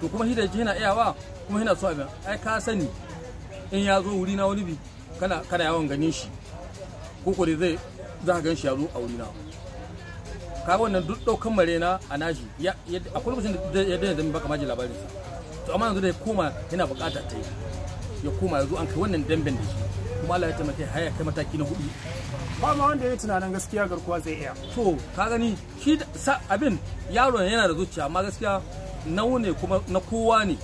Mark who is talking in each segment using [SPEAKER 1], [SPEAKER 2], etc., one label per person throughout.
[SPEAKER 1] to kuma shi da yana iyawa kuma yana so abin ai ka sani in ya zo wuri na wani bi kana kana yawan ganin shi ko ko zai za ka gan shi ya zo a wuri na ka wannan duk daukan na a naji akwai lokacin da ya daina zama baka maji labarin sa to amma yanzu da ya koma yana bukata ta yi ya koma yanzu an kai wannan damben da shi kuma Allah ya taimake har ya kai mataki na hudu ba ma wanda ya tunanin gaskiya garkuwa zai iya to ka gani shi abin yaron yana da zuciya amma gaskiya nawa ne kuma na kowa ne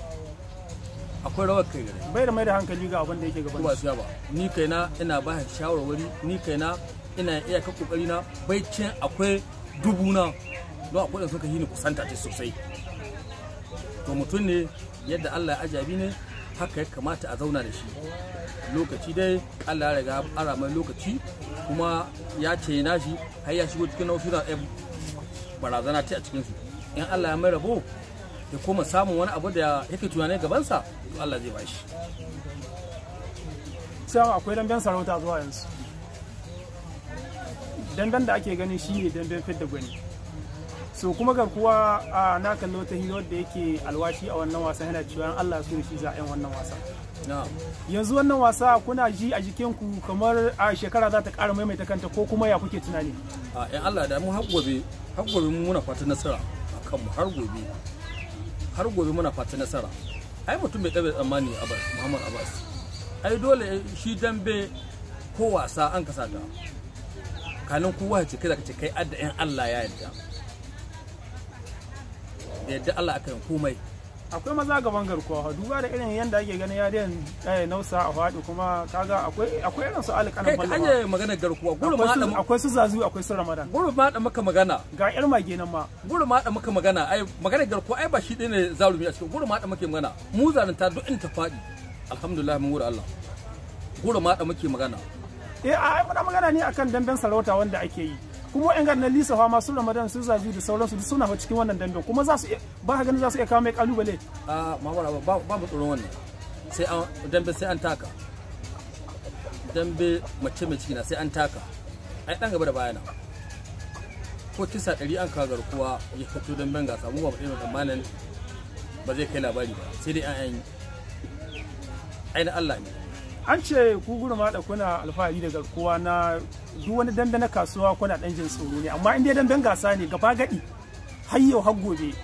[SPEAKER 1] akwai rawar kai gare bai da mai da hankali ga abin da yake gaba ba ba ni kaina ina ba shawarwari ni kaina ina iya ka kokari na bai cin akwai dubu na don akwai da suka yi ni kusanta ce sosai to mutum ne yadda Allah ya ajabi ne haka ya kamata a zauna da shi lokaci dai Allah ya riga ara mai lokaci kuma ya ce na shi har ya shigo cikin nau'in barazana ce a cikin su in Allah ya mai rabo ya koma samun
[SPEAKER 2] wani abu da yake tunanin gabansa to Allah zai bashi sai akwai damben sarauta zuwa yanzu damben da ake gani shi ne damben fidda gwani so kuma garkuwa a na kallo ta hiro da yake alwashi a wannan wasan yana cewa Allah su shi za a yin wannan wasa yanzu wannan wasa kuna ji a jikinku kamar a shekara za ta ƙara maimaita kanta ko kuma ya kuke tunani
[SPEAKER 1] a yan Allah da
[SPEAKER 2] mu har gobe har gobe muna fatan nasara akan mu har gobe har gobe
[SPEAKER 1] muna fata nasara ai mutum bai ɗabe tsammani abbas muhammad abbas ai dole shi dambe ko wasa an kasa ta kanin kowa ce kai zaka ce kai adda
[SPEAKER 2] yan allah ya yarda da yadda allah aka yi komai akwai maza gaban garkuwa duba da irin yadda ake ganin yaren ɗaya eh, nausa a faɗi kuma kaga akwai irin su alƙanan ballama kai kaje magana garkuwa gurin ma da akwai su zazu akwai su ramadan gurin ma
[SPEAKER 1] da maka magana ga yar mage nan ma gurin ma da maka magana ai magana garkuwa ai ba shi ne zalumi a cikin gurin ma da muke magana mu zalunta duk in ta faɗi alhamdulillah mun gode Allah gurin ma da muke magana
[SPEAKER 2] eh ai muna magana ne akan damben sarauta wanda ake yi kuma wa'yan na lisa fama masu ramadan su zazu da sauransu duk suna cikin wannan dambe kuma za su ba ka ganin za su iya kawo mai kalubale
[SPEAKER 1] a ah, mamara ba mu tsoron wannan sai an dambe sai an taka dambe mace mai ciki na sai an taka ai dan gaba da bayana ko kisa dari an kawo garkuwa ya fito damben gasa mu ba mu ɗaya tsammanin ba zai kai labari ba sai dai an ainihin Allah ne
[SPEAKER 2] an ce ku gurma da kuna alfahari da garkuwa na zuwa wani dandana kasuwa kuna dan jin tsoro ne amma inda ya dandan gasa ne gaba gadi har yau har gobe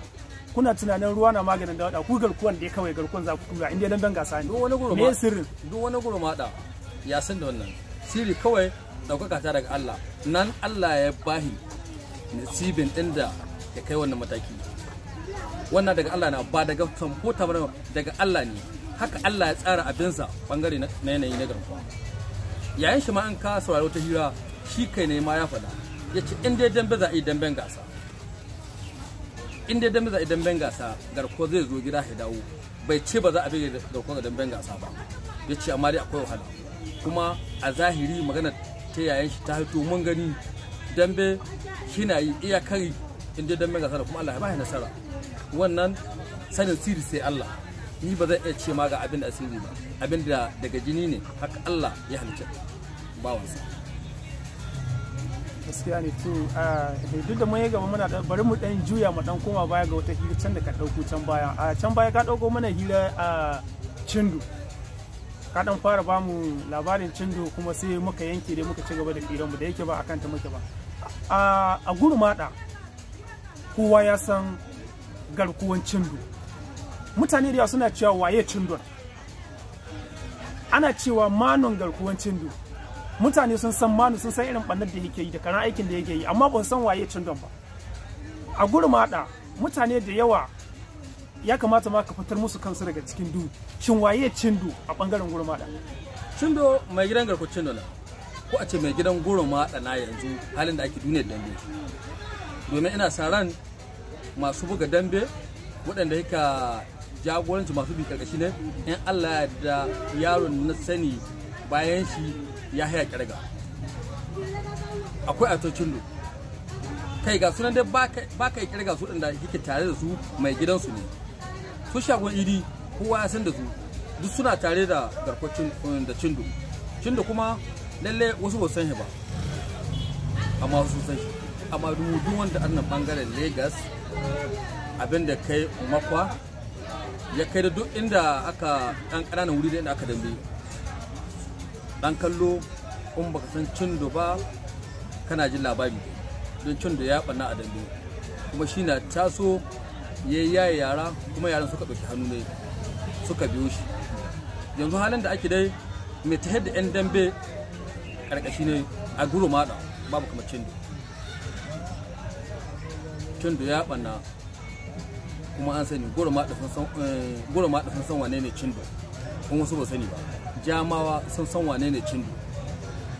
[SPEAKER 2] kuna tunanin ruwa na maganin dawada ku garkuwan da kawai garkuwan za ku kula inda ya dandan gasa ne duk wani guruma me sirrin
[SPEAKER 1] duk wani da ya san da wannan sirri kawai daukaka ta daga Allah nan Allah ya bahi nasibin din da ya kai wannan mataki wannan daga Allah na ba daga tamfota daga Allah ne haka Allah ya tsara abinsa bangare na yanayi na garkuwa yayin shi ma an ka saurari wata hira shi kai ne ma ya faɗa ya ce in dai dambe za a yi damben gasa in dai dambe za a yi damben gasa garkuwa zai zo gida ya dawo bai ce ba za a bi garkuwa ga damben gasa ba ya ce amma dai akwai wahala kuma a zahiri magana ta yayan shi ta hito mun gani dambe shi na yi iyakari in dai damben gasa da kuma Allah ya ba nasara wannan sanin sirri sai Allah ni ba zan iya ce ma ga abin da asiri ba abin da daga jini ne haka Allah ya halitta bawansa
[SPEAKER 2] gaskiya ne to duk da mun gaba muna bari mu dan juya mu dan koma baya ga wata hira can da ka dauko can baya a can baya ka dauko mana hira a cindu ka dan fara ba mu labarin cindu kuma sai muka yanke dai muka ci gaba da hirar mu da yake ba akan ta muke ba a gurmada kowa ya san garkuwan cindu mutane da yawa suna cewa waye cindon ana cewa manon garkuwan cindu mutane sun san manu sun san irin ɓannar da yake yi da karan aikin da yake yi amma ban san waye cindon ba a gurmaɗa mutane da yawa ya kamata ma ka fitar musu kansu daga cikin du shin waye cindu a bangaren gurmaɗa cindo
[SPEAKER 1] mai gidan garkuwan cindo na ko a ce mai gidan gurmaɗa na yanzu halin da ake duniyar dambe domin ina sa ran masu buga dambe waɗanda yaka jagoranci masu bi karkashi ne in Allah da yaron na sani bayan shi ya haya kirga akwai atocin do kai ga sunan dai ba ka kirga su da kike tare da su mai gidansu ne su shagon iri kowa ya san da su duk suna tare da garkwacin eh, da cindo cindo kuma lalle wasu ba san shi ba amma wasu san shi amma duk wanda annan bangaren lagos abinda kai makwa ya kai da duk inda aka ɗan ƙananan wuri da inda aka dambe ɗan kallo ba baka san cindo ba kana jin labari don cindo ya ɓanna a dambe kuma shi na taso ya yaya yara kuma yaran suka ɗauki hannu ne suka biyo shi yanzu halin da ake dai mai ta da 'yan dambe ƙarƙashi ne a guru maɗa babu kamar cindo cindo ya ɓanna kuma an sani goro ma eh, sun san wane ne cindo kuma wasu ba sani ba jamawa sun san wane ne cindo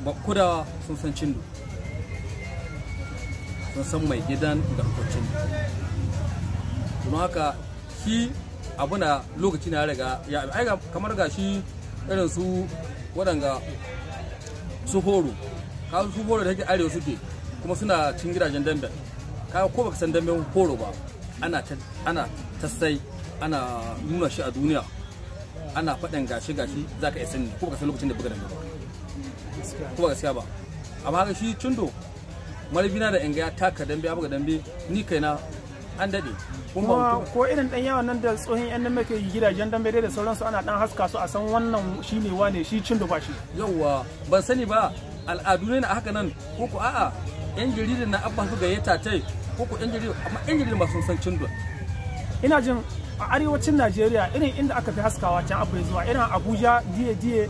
[SPEAKER 1] ba kudawa sun san cindo sun san mai gidan da cindo Kuma haka shi abu na lokaci na riga ya ai kamar ga shi irin su waɗanga su horo ka su horo da take arewa suke kuma suna cin gidajen dambe ka ko baka san damben horo ba ana ta ana tasai ana nuna shi a duniya ana fadan gashi gashi za ka iya sani ko ka san lokacin da buga da ba ko baka siya ba amma haka shi cundo marabina da yanga ta taka dambe ya buga dambe ni kaina an daɗe kuma
[SPEAKER 2] ko irin dan yawan nan da tsohon yan nan muke gidajen dambe dai da sauransu ana ɗan haska su a san wannan shi ne wane shi cundo ba shi yawwa ban sani ba al'adu ne na haka nan ko ko a'a yan jaridar na abba su
[SPEAKER 1] yata tai ko ko jarida amma yan jarida sun san
[SPEAKER 2] ina jin a arewacin najeriya irin inda aka fi haskawa can abu zuwa irin abuja diye diye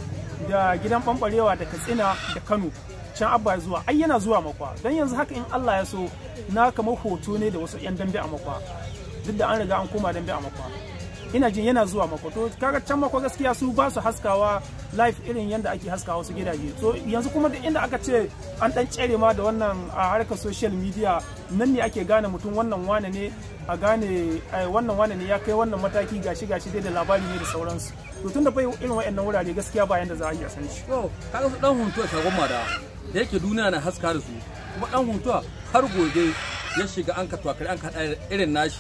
[SPEAKER 2] da gidan bambarewa da katsina da kano can abba zuwa ai yana zuwa makwa don yanzu haka in allah ya so na kamar hoto ne da wasu yan dambe a makwa duk da an riga an koma dambe a makwa ina jin yana zuwa mako to kaga can mako gaskiya su ba su haskawa life irin yadda ake haskawa su gidaje so yanzu kuma duk inda aka ce an dan cere ma da wannan a harkar social media nan ne ake gane mutum wannan wane ne a gane wannan wane ne ya kai wannan mataki gashi gashi dai da labari ne da sauransu to tun da bai irin waɗannan wurare gaskiya ba yanda za a iya san shi to kaga su dan huntuwa shagon mada da yake duniya na haska da su kuma dan huntuwa har gobe
[SPEAKER 1] ya shiga an ka tuwa an ka irin nashi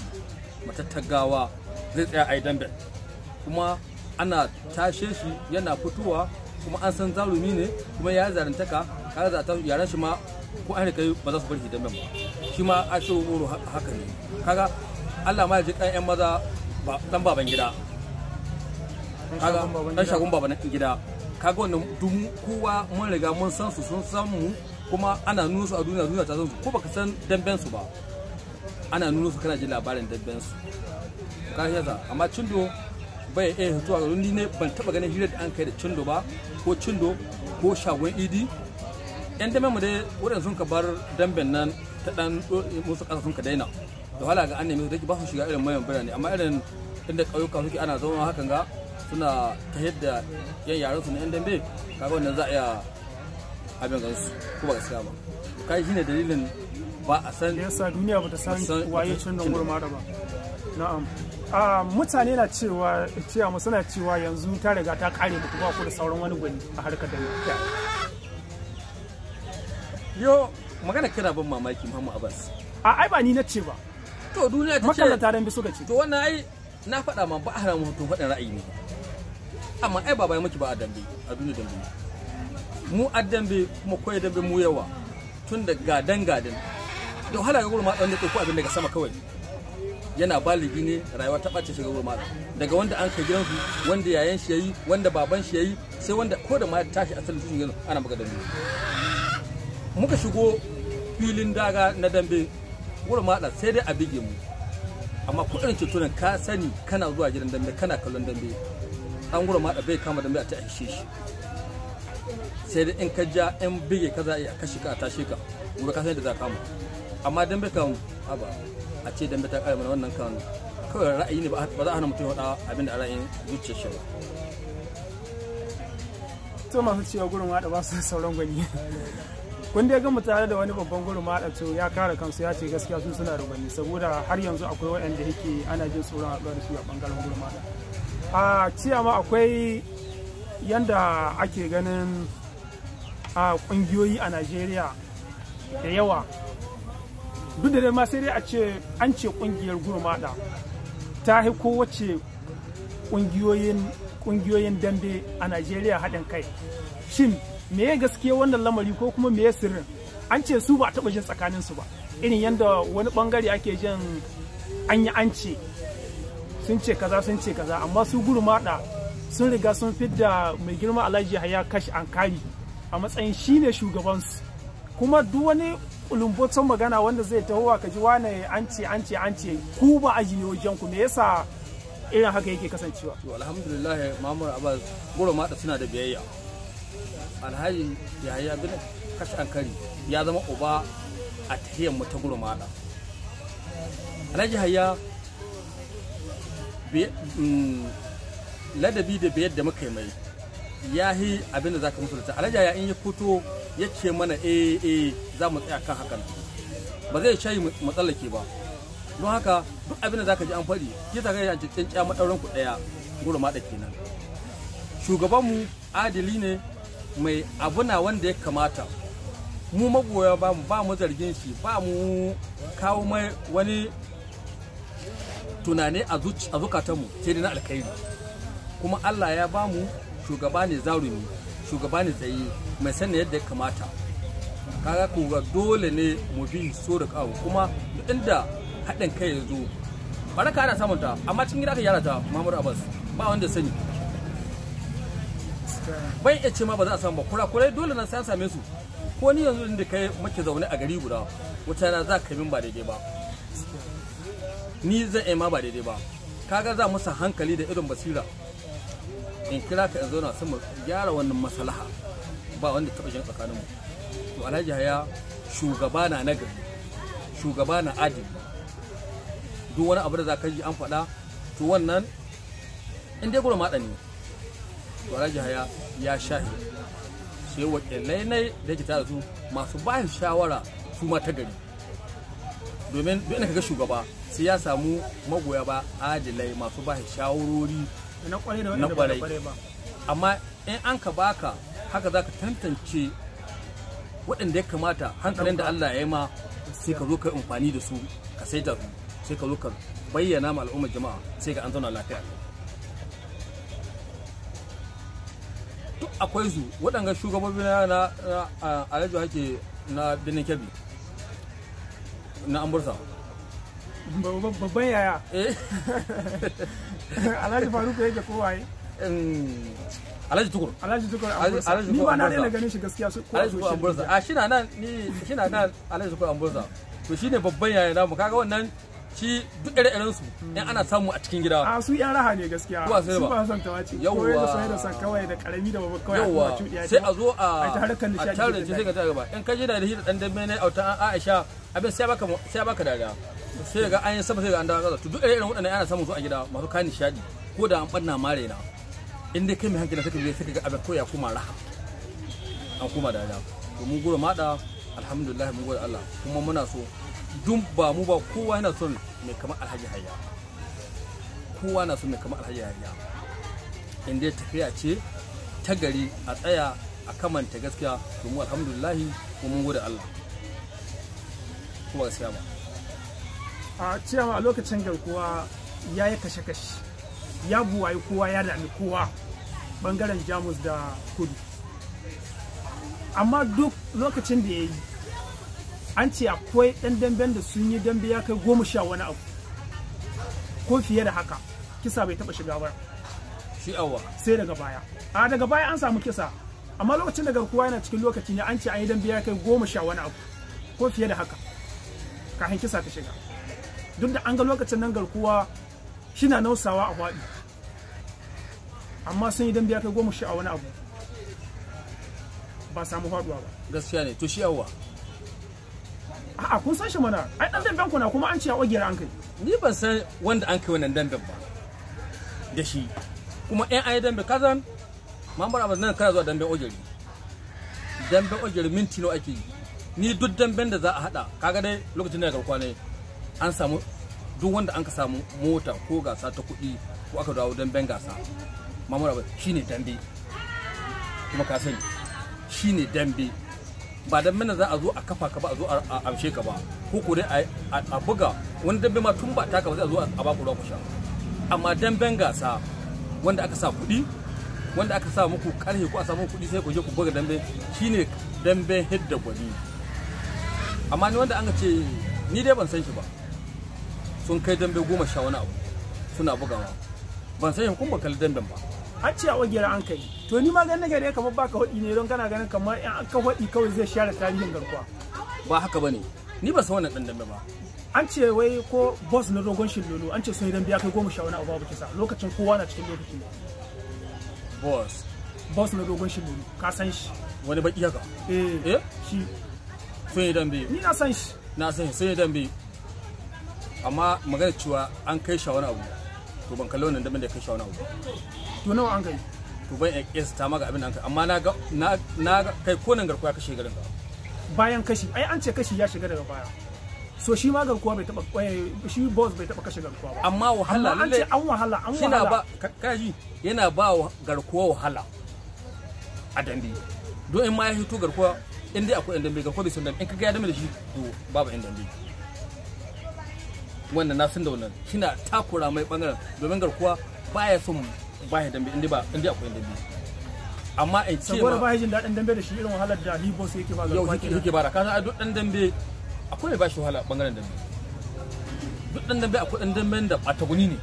[SPEAKER 1] matattagawa zai tsaya a yi kuma ana tashe shi yana fitowa kuma an san zarumi ne kuma ya zarantaka kare za ta yaran shi ma ko an kai ba za su bar shi dambe ba shi ma a ce wuro haka ne kaga Allah ma ya ji ɗan maza ba dan baban gida kaga dan shagun baban gida kaga wannan dun kowa mun riga mun san su sun san mu kuma ana nuna su a duniya duniya ta san su ko baka san damben su ba ana nuna su kana jin labarin damben su ka amma cindo bai iya yi ga ni ne ban taba ganin hirar da an kai da cindo ba ko cindo ko shagon idi yan dame mu dai waɗanda sun ka bar damben nan ta dan musu eh, kasa sun ka daina da hala ga an nemi da ba su shiga irin mayan birane amma irin inda ƙauyuka suke ana zama hakan ga suna ta yadda yan yaran su na yan dambe kaga wannan za a iya abin su ko ba gaskiya ba kai shine dalilin ba a
[SPEAKER 2] san yasa duniya ba ta san waye cin da gurma da ba na'am mutane na cewa cewa suna cewa yanzu ta riga ta kare mutu ba ku da sauran wani gwani a harkar da yo magana kira ban mamaki Muhammad Abbas
[SPEAKER 1] a ai ba ni na ce ba to duniya ta ce ta dan bisu ga ce to wannan ai na faɗa ma ba haramu mutum faɗin ra'ayi ne amma ai ba bai miki ba a dambe a duniya dambe mu a dambe kuma koyi dambe mu yawa tun da gadan gadan da wahala ga gurma ɗan da ko abin daga sama kawai yana baligi ne rayuwa ta ɓace shiga wurin malam daga wanda an kai gidansu wanda yayan shi yayi wanda baban shi yayi sai wanda ko da ma tashi asalin sun yanzu ana maka dambe muka shigo filin daga na dambe wurin malam sai dai a bige mu amma kuɗin cutunan ka sani kana zuwa gidan dambe kana kallon dambe an wurin malam bai kama dambe a ta aishe shi sai dai in ka ja in bige ka za a kashe ka a tashe ka gobe ka san da za ka kama amma dambe kan haba a ce dambe ta kare mana wannan kan kawai ra'ayi ne ba za a hana mutum faɗa abin da ra'ayin zuciyar shi
[SPEAKER 2] to masu cewa gurin wada ba su sauran gwani kun dai gama tare da wani babban gurin wada to ya kare kansu ya ce gaskiya su suna da gwani saboda har yanzu akwai waɗanda yake ana jin tsoron haɗuwa da su a ɓangaren gurin wada a ciya ma akwai yanda ake ganin a ƙungiyoyi a najeriya da yawa duk da dai ma sai dai a ce an ce kungiyar gurmada ta hi kowace kungiyoyin kungiyoyin dambe a Najeriya haɗin kai shin me ya gaskiya wannan lamari ko kuma me ya sirrin an ce su ba a taɓa jin tsakanin su ba irin yadda wani bangare ake jin an yi an ce sun ce kaza sun ce kaza amma su gurmada sun riga sun fidda mai girma alhaji haya kash ankari a matsayin shine shugabansu kuma duk wani kulumbotan magana wanda zai taho ka ji wane an ce an ce an ce ku ba aji ne wajen ku me yasa irin haka yake kasancewa
[SPEAKER 1] to alhamdulillah mamur abbas goro mata suna da biyayya alhaji yahaya bin kashi ya zama uba a tahiyar mu ta goro mata alhaji hayya mm, ladabi da biyar da muka yi mai ya yi abin da za ka ya in ya fito ya ce mana eh eh za mu tsaya kan hakan ba zai shayi matsala ke ba don haka duk abin da za ka ji an faɗi ki ta ga yanci tsintsiya madaurin ku daya guru ma kenan shugabanmu adili ne mai abuna wanda ya kamata mu magoya ba mu ba mu zargin shi ba mu kawo mai wani tunani a zukatanmu sai dai na alkhairi kuma Allah ya ba mu shugaba ne zarumi shugaba ne tsaye mai sani yadda ya kamata kaga kuwa dole ne mu bi so da kawo kuma duk inda haɗin kai ya zo ka ana samun ta amma cikin gida ka yara ta mamur abbas ba wanda sani bai iya ce ma ba za a samu ba kurakurai dole na sai same su ko ni yanzu inda kai muke zaune a gari guda wata na za ka min ba daidai ba ni zan ma ba daidai ba kaga za musu hankali da irin basira in eh, kira ka yanzu na sama gyara wannan masalaha ba wanda taɓa shan tsakanin mu to alhaji haya shugaba na nagari shugaba na adi. duk wani abu da za ka ji an faɗa to wannan in dai gurin maɗa ne to alhaji haya ya shahi sai wakilai ne da ke tare su masu bayan shawara su ma ta gari domin duk inda ka ga shugaba sai ya samu magoya ba adilai masu ba shawarori na kwarai ba amma in an ka baka haka za ka tantance waɗanda ya kamata hankalin da Allah ya yi ma sai ka zo ka amfani da su ka saita su sai ka zo ka bayyana ma al'ummar jama'a sai ka an zauna lafiya duk akwai su waɗanda shugabobi na alhaji hake na birnin kebbi na amursa babban yaya eh. alhaji faruku yake kowaye alhaji tukur alhaji tukur alhaji ni ba na daina ganin
[SPEAKER 2] shi gaskiya su ko alhaji tukur amburza a ah,
[SPEAKER 1] shi na nan ni shi na nan alhaji tukur amburza to shine babban yaya namu kaga wannan shi duk ire-iren su hmm. in ana samu a cikin gida a
[SPEAKER 2] ah, su yan raha ne gaskiya su ba son ta wace yawwa da sai da san kawai da karami da babba kawai yawwa sai a zo a a harkar nishadi sai ka ta
[SPEAKER 1] gaba in ka je da shi da dan dambe ne autan Aisha abin sai baka sai baka dariya sai ga an yi sama sai ga an dawo kasa to duk irin waɗannan ana samun su a gida masu kayan nishaɗi ko da an ɓanna mare na in dai kai mai hankali sai ka je ga abin koya kuma raha an koma da da to mun gura mada alhamdulillah mun gura Allah kuma muna so dun ba mu ba kowa yana son mai kamar Alhaji Hayya kowa na son mai kamar Alhaji Hayya in dai tafiya ce ta gari a tsaya a kamanta gaskiya to mu alhamdulillah mun gura Allah kuma gaskiya ba
[SPEAKER 2] a cewa a lokacin garkuwa ya yi kashe-kashe ya buwayi kowa ya dami kowa bangaren jamus da kudu amma duk lokacin da ya yi an ce akwai ɗan damben da sun yi dambe ya kai goma sha wani abu ko fiye da haka kisa bai taɓa shiga ba shi awa sai daga baya a daga baya an samu kisa amma lokacin da garkuwa yana cikin lokaci ne an ce an yi dambe ya kai goma sha wani abu ko fiye da haka kafin kisa ta shiga duk da an ga lokacin nan garkuwa shina nausawa a faɗi amma sun yi dambe ya kai goma shi a wani abu ba samu faɗuwa ba gaskiya ne to shi yawa a'a kun san shi mana ai dan damben kuna kuma an ce a ogiyar an kai ni ban san wanda an kai wannan damben ba
[SPEAKER 1] da shi kuma ɗan ayi dambe kazan mamar abu nan kana zuwa damben ogiri damben ogiri minti nawa ake yi ni duk damben da za a hada kaga dai lokacin da ya garkwa ne an samu duk wanda an ka samu mota ko gasa ta kuɗi ko aka dawo don ben gasa mamura ba shine dambe kuma ka sani shine dambe ba dan mana za a zo a kafa ka ba a zo a amshe ka ba ko ko dai a buga wani dambe ma tun ba taka ba za a zo a ba ku ruwa ku sha amma damben gasa wanda aka sa kuɗi wanda aka sa muku karhe ko a samu kuɗi sai ku je ku buga dambe shine dambe hidda gwani amma ni wanda an ce ni dai ban san shi ba sun kai dambe goma sha wani abu suna bugawa
[SPEAKER 2] ban san kun kalli dambe ba a ce a wagera an kai to ni ma ganin gare kamar baka hudi ne don kana ganin kamar in aka hudi kawai zai share tarihin garkuwa ba haka bane ni ba san wannan dan dambe ba an ce wai ko boss na dogon shillolo an ce sai dambe ya kai goma sha wani abu babu kisa lokacin kowa na cikin lokaci boss boss na dogon shillolo ka san shi wani baki haka eh eh shi sun yi dambe ni na san shi na san shi sun yi dambe
[SPEAKER 1] amma magana cewa an kai sha wani abu to ban kalli wannan damin da kai sha wani abu to nawa an kai to ban iya ta ma ga abin an kai amma na ga na kai konan garkuwa kashe garin ka
[SPEAKER 2] bayan kashi ai an ce kashi ya shiga daga baya so shi ma garkuwa bai taba eh, shi boss bai taba kashe garkuwa ba amma wahala amma an ce an wahala an wahala ba
[SPEAKER 1] kaji yana ba garkuwa wahala a dambe don in ma ya hito garkuwa in dai akwai in dambe garkuwa bai san dambe in kaga ya dambe da shi to babu in dambe wannan na san da wannan kina takura mai bangaren domin garkuwa baya son baya dambe inda ba inda akwai dambe amma in ce ba baya
[SPEAKER 2] jin daɗin dambe da shi irin wahalar da Libo sai yake ba garkuwa yau yake
[SPEAKER 1] bara kaza duk dan dambe akwai ba bashi wahala bangaren dambe duk dan dambe akwai dan dambe da bataguni ne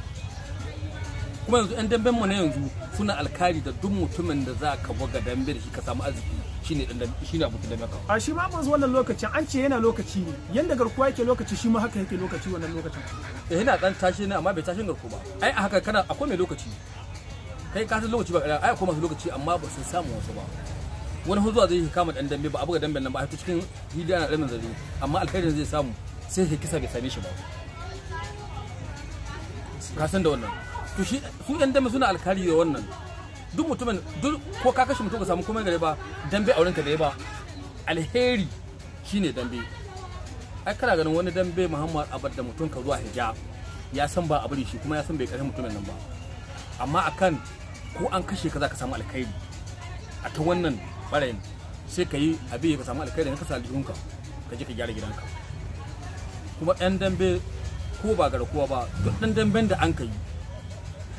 [SPEAKER 1] kuma yanzu yan damben mu na yanzu suna alkari da duk mutumin da za ka buga dambe da shi ka samu arziki shine dan shine abokin dambe ka
[SPEAKER 2] a shi ma mun wannan lokacin an ce yana lokaci ne yanda garkuwa yake lokaci
[SPEAKER 1] shi ma haka yake lokaci wannan lokacin eh yana dan tashi ne amma bai tashin garkuwa ba ai a haka kana akwai mai lokaci kai ka san lokaci ba ai akwai masu lokaci amma ba su samu wasu ba wani huzuwa zai kama dan dambe ba a buga dambe nan ba a cikin hidiya na dan zari amma alkhairin zai samu sai ya kisa bai same shi ba ka san da wannan to shi su yan dambe suna alkari da wannan duk mutumin duk ko ka kashe mutum ka samu komai gare ba dambe auren ka da ya ba alheri shi ne dambe ai kana ganin wani dambe Muhammad Abad da mutum ka zuwa hijab ya san ba abin shi kuma ya san bai kare mutumin nan ba amma akan ko an kashe ka za ka samu alkhairi a ta wannan barayin sai ka yi abin ka samu alkhairi ka sa aljihunka ka je ka gyara gidanka kuma ɗan dambe ko ba gara kowa ba duk ɗan damben da an ka yi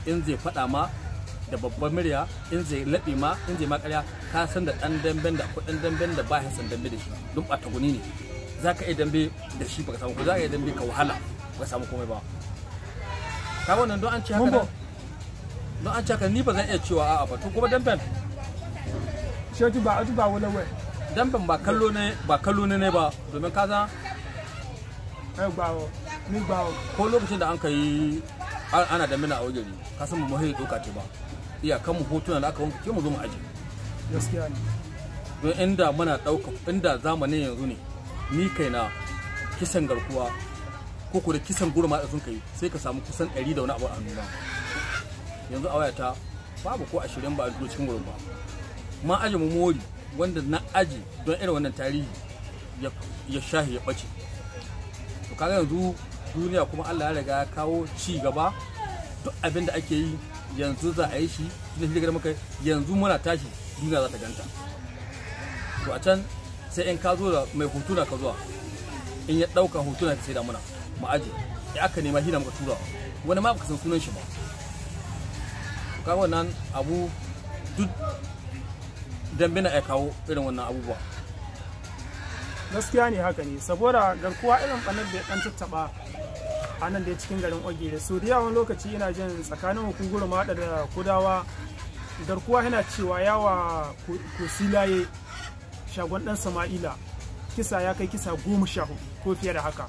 [SPEAKER 1] in zai faɗa ma da babban murya in zai laɓi ma in zai ma ka san da ɗan damben da ko ɗan damben da ba ya san dambe da shi don ɓata guni ne za ka iya dambe da shi ka samu ko za ka iya dambe ka wahala ba samu komai ba ka wannan don an ci haka don an ci haka ni ba zan iya cewa a'a ba to kuma damben shi ba ba wai damben ba kallo ne ba kallo ne ba domin ka san ni ko lokacin da an ka yi ana da mina a wajen ka san mu mahi doka ce ba iyakan mu hotuna da aka wanke mu zo mu aje gaskiya ne don inda muna ɗauka inda zamanin yanzu ne ni kai na kisan garkuwa ko ku da kisan gurma da sun kai sai ka samu kusan 100 da wani abu a nuna yanzu a wayata babu ko 20 ba a duro cikin gurma ma aje mu mori wanda na aji don irin wannan tarihi ya shahi ya bace to kaga yanzu duniya kuma Allah ya riga ya kawo ci gaba duk abin da ake yi yanzu za a yi shi tun shi da muka yanzu muna tashi duniya za ta ganta to a can sai in ka zo da mai hotuna ka zuwa in ya ɗauka hotuna ka sai da muna mu aje ya aka nema shi da muka turawa wani ma baka san sunan shi ba ka wannan abu duk dambe na ya kawo irin
[SPEAKER 2] wannan abubuwa gaskiya ne haka ne saboda garkuwa irin ɓanar da ya ɗan tattaɓa a nan dai cikin garin oge da su da yawan lokaci yana jin tsakanin hukunguru maɗa da kudawa garkuwa yana cewa yawa kosilaye shagon ɗan sama'ila kisa ya kai kisa goma sha ko fiye da haka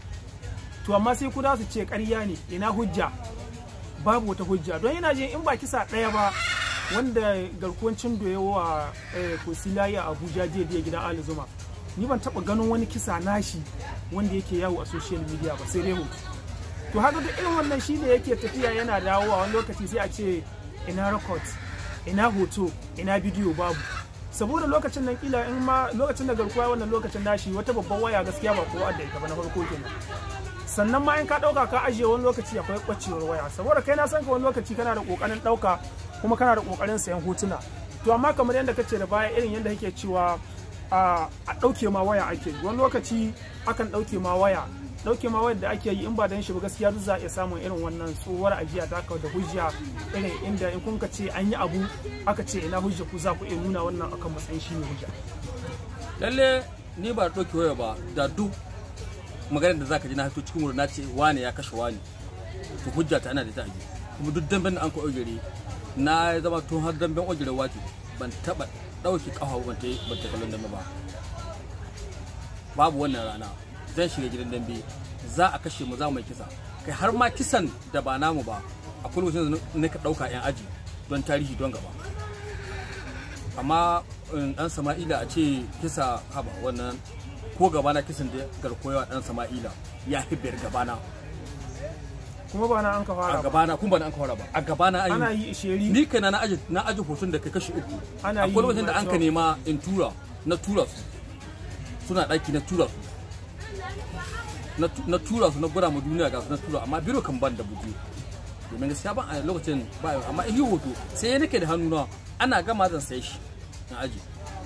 [SPEAKER 2] to amma sai kudawa su ce karya ne ina hujja babu wata hujja don yana jin in ba kisa ɗaya ba wanda garkuwan cin ya wa eh, kosilaye a abuja jiya da gidan alizuma ni ban taɓa ganin wani kisa nashi wanda yake yawo a social media ba sai dai hoto to haka duk irin wannan shi ne yake tafiya yana dawowa wani lokaci sai a ce ina record ina hoto ina bidiyo babu saboda lokacin nan kila in ma lokacin da garkuwa wannan lokacin nashi wata babban waya gaskiya ba kowa da ita ba na farko kenan sannan ma in ka dauka ka ajiye wani lokaci akwai kwacewar waya saboda kai na san ka wani lokaci kana da kokarin dauka kuma kana da kokarin sayan hotuna to amma kamar yadda kace da baya irin yadda kake cewa ah, a dauke ma waya ake wani lokaci akan dauke ma waya dauke ma wanda ake yi in ba dan shi ba gaskiya duk za a iya samun irin wannan tsohuwar ajiya ta da hujja irin inda in kun ka ce an yi abu aka ce ina hujja ku za ku iya nuna wannan akan matsayin shi ne hujja
[SPEAKER 1] lalle ni ba doke waya ba da duk maganar da zaka ji na hato cikin wurin na ce wani ya kashe wani to hujja ta ana da ta aji kuma duk damben da an ko ogere na zama tun har damben ogire wato ban taba dauki kafa ban ta ban ta kallon dambe ba babu wannan rana zan shiga gidan dambe za a kashe mu za mu mai kisa kai har ma kisan da ba namu ba akwai lokacin na ka ɗauka 'yan aji don tarihi don gaba amma dan um, sama'ila a ce kisa haba wannan ko gabana kisan da garkoyawa dan sama'ila ya fi biyar gabana kuma ba na an ka fara ba. a gabana kuma ba na an ka fara ba a gabana an ana yi sheri ni kai na aji na aji hoton da kai kashi uku akwai lokacin da an ka nema in tura na tura su suna daki na tura su na tura su na gura ma duniya ga su na tura amma biro kan ban da buje domin gaskiya ban a lokacin ba amma in yi hoto sai nake da hannuna ana gama zan sai shi na aji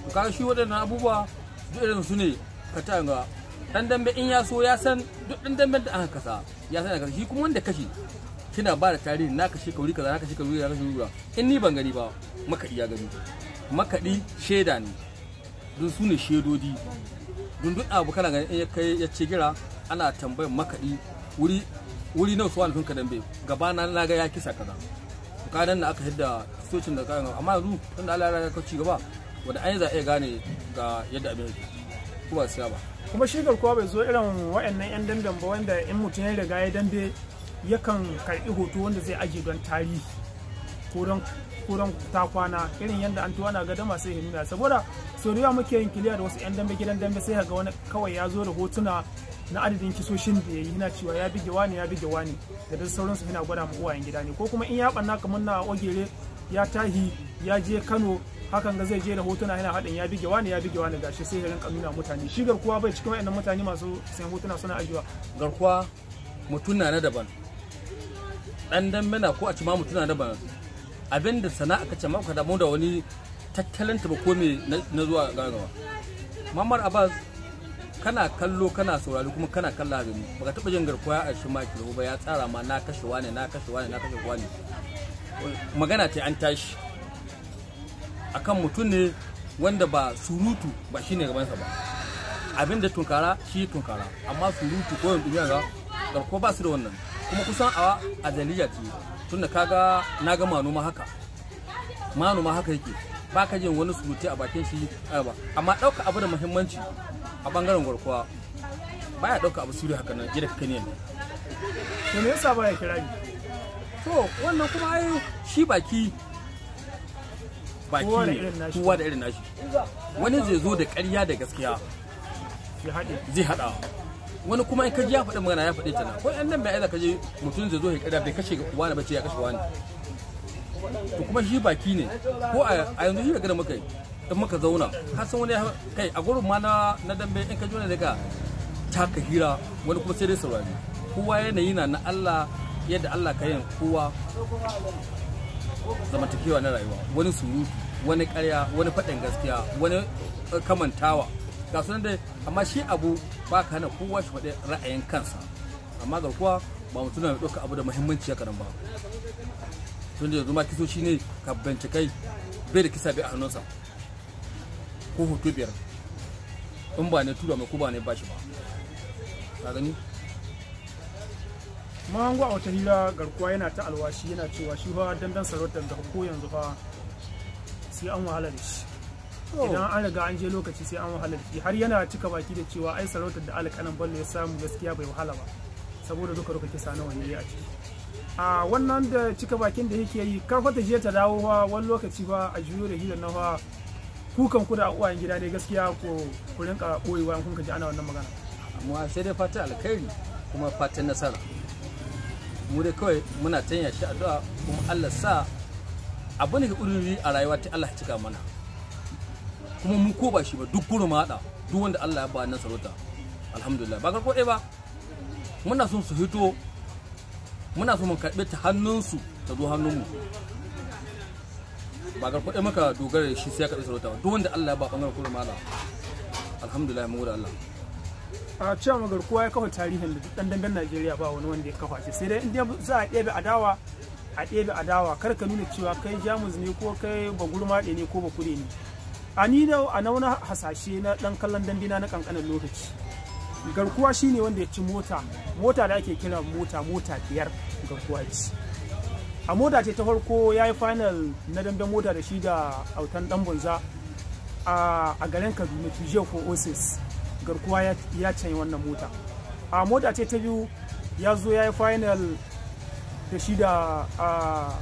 [SPEAKER 1] to kaga shi waɗannan abubuwa duk irin su ne ka ta ga dan dambe in ya so ya san duk dan dambe da aka kasa ya san kasa shi kuma wanda kashi kina ba da tarihi na kashe kauri kaza na kashe kauri na in ni ban gani ba makaɗi ya gani makaɗi shaida ne don su ne shaidodi dundun abu kana ganin in ya kai ya ci gira ana tambayar makaɗi wuri wuri nawa suwa nufin kadan bai gaba na na ga ya kisa kaza to nan na aka hidda socin da kayan amma yanzu tun da Allah ya ka ci gaba wanda an yi za a gane ga yadda abin yake kuma siya ba
[SPEAKER 2] kuma shi garkuwa bai zo irin waɗannan 'yan damben ba wanda in mutum ya riga ya dambe yakan karɓi hoto wanda zai ajiye don tarihi ko don kuran ta kwana irin yadda an tuwa na ga dama sai himmiya saboda soriya muke yin kiliya da wasu yan dambe gidan dambe sai ga wani kawai ya zo rahotuna na adadin kisoshin da ya yi yana cewa ya bige wani ya bige wani da dai sauransu yana gwada mu uwayen gida ne ko kuma in ya banna kamar na ogere ya tahi ya je kano hakan ga zai je da hotuna yana haɗin ya bige wani ya bige wani gashi sai ya kanuna mutane shi garkuwa bai cikin wayannan mutane masu sayan hotuna suna ajiwa. garkuwa mutum na daban dan dambe na ko a ci ma mutum na daban
[SPEAKER 1] abin da sana'a aka ce maka damu da wani tattalin ta ko me na zuwa gaba mamar abbas kana kallo kana saurari kuma kana kalla gani baka taba jin garkuwa a shi maki ba ya tsara ma na kashe wane na kashe wane na kashe wane magana ta an tashi akan mutum ne wanda ba surutu ba shine sa ba abin da tunkara shi tunkara amma surutu ko yanzu ga garkuwa ba su da wannan kuma kusan a azaliya ce tunda kaga na ga manoma haka manoma haka yake ba ka jin wani surutai a bakin shi ba amma ɗauka abu da muhimmanci a bangaren gwarkuwa ya ɗauka abu suri haka nan gida kane ne to me yasa ya kira ni to wannan kuma ai shi baki baki ne kowa da irin nashi wani zai zo da ƙarya da gaskiya zai haɗa wani kuma in kaji ya faɗi magana ya faɗi ta nan ko yan nan bai aiza kaji mutum zai zo ya kada bai kashe wani bace ya kashe wani to kuma shi baki ne ko a yanzu shi daga muka yi in muka zauna har san wani kai a gurin ma na na dambe in ka wani daga taka hira wani kuma sai dai saurari kowa yanayi na na Allah yadda Allah ka yin kowa zamantakewa na rayuwa wani surutu wani karya wani faɗin gaskiya wani eh, kamantawa ga sunan dai amma shi abu ba ka hana kowa shi faɗi ra'ayin kansa amma ga garkuwa ba mutum na ɗauka abu da muhimmanci ya karan ba tun da yanzu ma kiso shi ne ka bincikai bai da kisa bai a hannunsa ko hoto biyar
[SPEAKER 2] in ba ne tura mai ko ba ne ba shi ba ka gani a wata hira garkuwa yana ta alwashi yana cewa shi fa dandan sarautar da ko yanzu fa sai an wahala da shi Oh. idan an riga an je lokaci sai an wahala da har yana cika baki da cewa ai sarautar da alƙalan ballo ya samu gaskiya bai wahala ba saboda duka duka kisa nawa ne a ciki a wannan da cika bakin da yake yi karfa ta je ta dawo wa wani lokaci ba a juyo da hidan nawa kukan ku da uwayen gida ne gaskiya ko ku rinka koyewa in ka ji ana wannan magana amma sai dai fata alkhairi kuma
[SPEAKER 1] fatan nasara mu dai kawai muna tanya shi addu'a kuma Allah sa abin da ke a rayuwa ta Allah cika mana kuma mu ko ba shi ba duk guru haɗa duk wanda Allah ya ba nan sarauta alhamdulillah ba karko ba muna son su hito muna son mu karɓe ta hannunsu ta zo hannunmu ba karko ɗaya maka dogara da shi sai ka karɓi sarauta ba duk wanda Allah ya ba ɓangaren guru haɗa alhamdulillah mu da Allah
[SPEAKER 2] a cewa magar kowa ya kafa tarihin da dan dangan Najeriya ba wani wanda ya kafa shi sai dai in za a ɗebe adawa a ɗebe adawa kar ka nuna cewa kai jamus ne ko kai bagurmaɗe ne ko bakure ne a ni da a na wani hasashe na dan kallon dambina na kankanin lokaci garkuwa shine wanda ya ci mota mota da ake kira mota mota biyar garkuwa ci a mota ce ta farko ya yi final na damben mota da shi da autan dan bunza a garin kaduna tuje ko osis garkuwa ya canyi wannan mota a mota ce ta biyu ya zo ya yi final da shi da